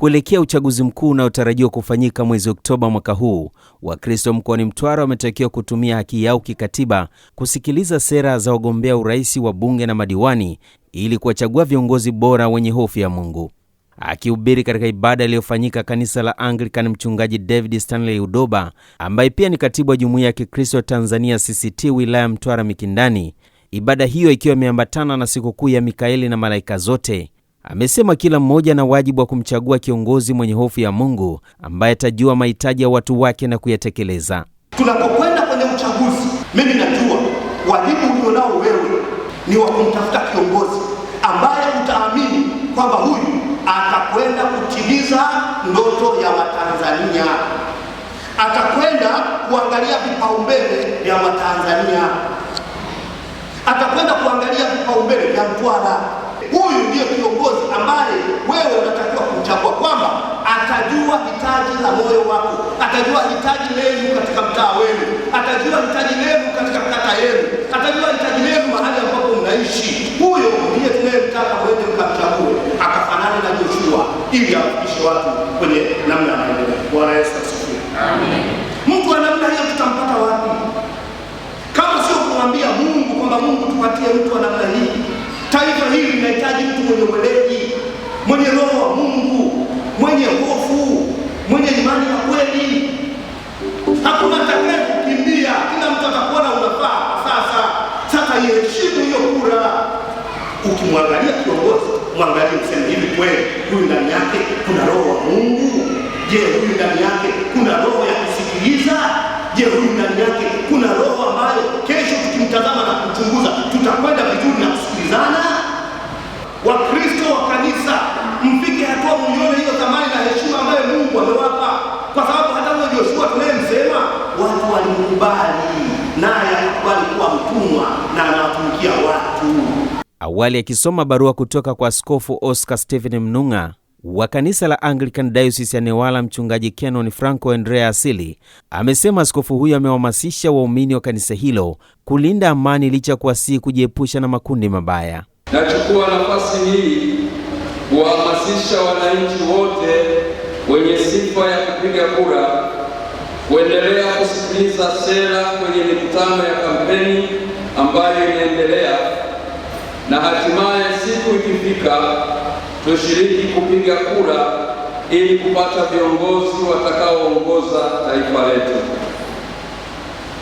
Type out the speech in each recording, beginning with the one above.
Kuelekea uchaguzi mkuu unaotarajiwa kufanyika mwezi Oktoba mwaka huu, Wakristo mkoani Mtwara wametakiwa kutumia haki yao kikatiba kusikiliza sera za wagombea urais, wa bunge na madiwani ili kuwachagua viongozi bora wenye hofu ya Mungu. Akihubiri katika ibada iliyofanyika kanisa la Anglican, Mchungaji David Stanley Udoba ambaye pia ni katibu wa jumuiya ya Kikristo Tanzania CCT wilaya Mtwara Mikindani, ibada hiyo ikiwa imeambatana na sikukuu ya Mikaeli na malaika zote Amesema kila mmoja ana wajibu wa kumchagua kiongozi mwenye hofu ya Mungu ambaye atajua mahitaji ya watu wake na kuyatekeleza. Tunapokwenda kwenye uchaguzi, mimi najua wajibu ulionao wewe ni wa kumtafuta kiongozi ambaye utaamini kwamba huyu atakwenda kutimiza ndoto ya Watanzania, atakwenda kuangalia vipaumbele vya Watanzania, atakwenda kuangalia vipaumbele vya Mtwara ndiyo kiongozi ambaye wewe unatakiwa kumchagua, kwamba atajua hitaji la moyo wako, atajua hitaji lenu katika mtaa wenu, atajua hitaji lenu katika kata yenu, atajua hitaji lenu mahali ambapo mnaishi. Huyo ndiye tunayemtaka mwende mkamchague, akafanana na Joshua ili afikishe watu kwenye namna ya maendeleo. Bwana Yesu asifiwe. Amen. Mtu wa namna hiyo tutampata wapi kama sio kumwambia Mungu kwamba Mungu tupatie mtu wa namna anahitaji mtu mwenye weledi, mwenye roho wa Mungu, mwenye hofu, mwenye imani ya kweli. Hakuna atakaye kukimbia, kila mtu atakuona unafaa. Sasa sasa iheshimu hiyo kura. Ukimwangalia kiongozi, mwangalie mseme hivi, kweli huyu ndani yake kuna roho wa Mungu? Je, huyu ndani yake kuna roho ya kusikiliza? Je, huyu alikuwa mtumwa na anawatumikia watu. Awali akisoma barua kutoka kwa Askofu Oscar Stephen Mnung'a wa kanisa la Anglican Diocese ya Newala, mchungaji Canon Franco Andrea Asili amesema askofu huyo amewahamasisha waumini wa kanisa hilo kulinda amani licha ya si kujiepusha na makundi mabaya. Nachukua nafasi hii kuwahamasisha wananchi wote wenye sifa ya kupiga kura kuendelea kusikiliza sera kwenye mikutano ya kampeni ambayo inaendelea, na hatimaye siku ikifika tushiriki kupiga kura ili kupata viongozi watakaoongoza taifa letu.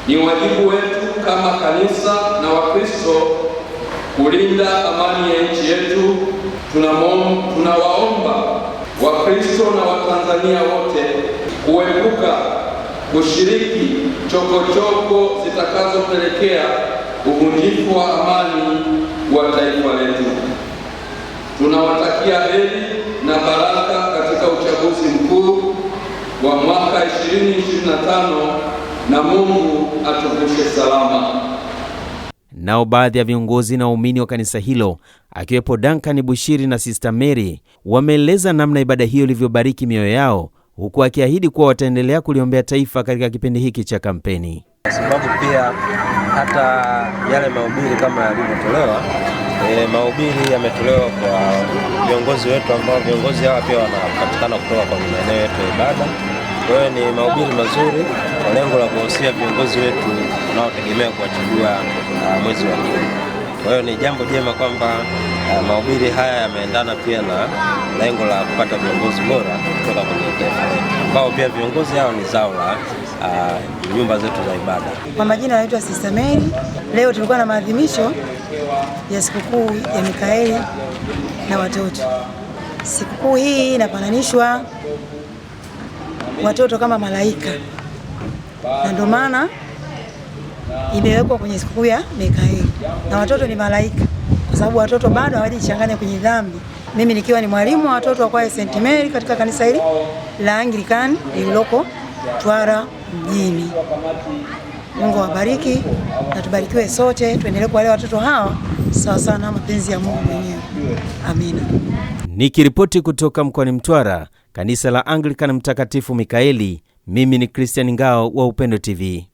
Ni wajibu wetu kama kanisa na Wakristo kulinda amani ya nchi yetu. Tunawaomba Wakristo na Watanzania wote kuepuka kushiriki chokochoko zitakazopelekea uvunjifu wa amani wa taifa letu. Tunawatakia heri na baraka katika uchaguzi mkuu wa mwaka 2025 na Mungu atuvushe salama. Nao baadhi ya viongozi na waumini wa kanisa hilo akiwepo Duncan Bushiri na Sister Mary wameeleza namna ibada hiyo ilivyobariki mioyo yao huku akiahidi kuwa wataendelea kuliombea taifa katika kipindi hiki cha kampeni, sababu pia hata yale mahubiri kama yalivyotolewa E, mahubiri yametolewa kwa viongozi wetu ambao viongozi hawa pia wanapatikana kutoka kwa maeneo yetu ya ibada. Kwa hiyo ni mahubiri mazuri kwa lengo la kuwahusia viongozi wetu tunaotegemea kuwachagua e, mwezi wa kumi. Kwa hiyo ni jambo jema kwamba Eh, Mahubiri haya yameendana pia na lengo la kupata viongozi bora kutoka kwenye taifa letu, ambao pia viongozi hao ni zao la uh, nyumba zetu za ibada. Kwa majina anaitwa Sister Mary. Leo tulikuwa na maadhimisho ya sikukuu ya Mikaeli na watoto. Sikukuu hii inafananishwa watoto kama malaika, na ndio maana imewekwa kwenye sikukuu ya Mikaeli na watoto ni malaika sababu watoto bado hawajichanganya kwenye dhambi. Mimi nikiwa ni mwalimu wa watoto wa kwaya St Mary katika kanisa hili la Anglican lililoko Twara mjini. Mungu awabariki na tubarikiwe sote, tuendelee kuwalea watoto hawa sawa sawa na mapenzi ya Mungu mwenyewe. Amina. Nikiripoti kutoka mkoani Mtwara, kanisa la Anglican Mtakatifu Mikaeli, mimi ni Christian Ngao wa Upendo TV.